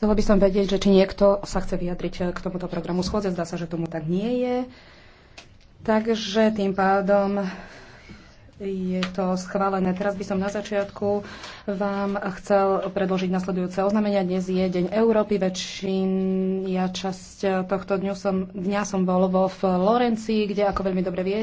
Chcela by som vedieť, že či niekto sa chce vyjadriť eh, k tomuto programu schôdze. Zdá sa, že tomu tak nie je. Takže tým pádom je to schválené. Teraz by som na začiatku vám chcel predložiť nasledujúce oznamenia. Dnes je Deň Európy. Väčšina časť tohto dňu som, dňa som bol vo Florencii, kde, ako veľmi dobre viete,